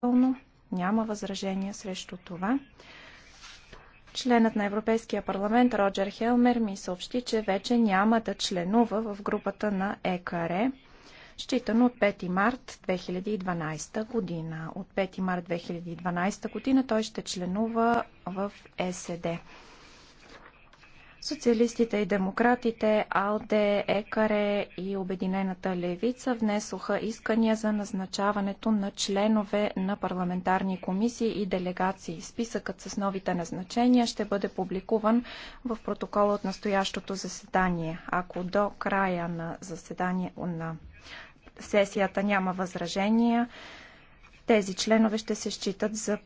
Пълно Няма възражения срещу това. Членът на Европейския парламент Роджер Хелмер ми съобщи, че вече няма да членува в групата на ЕКР, считано от 5 март 2012 година. От 5 март 2012 година той ще членува в е СД. Социалистите и демократите, АЛДЕ, ЕКАРЕ и Обединената левица внесоха искания за назначаването на членове на парламентарни комисии и делегации. Списъкът с новите назначения ще бъде публикуван в протокола от настоящото заседание. Ако до края на заседание на сесията няма възражения, тези членове ще се считат за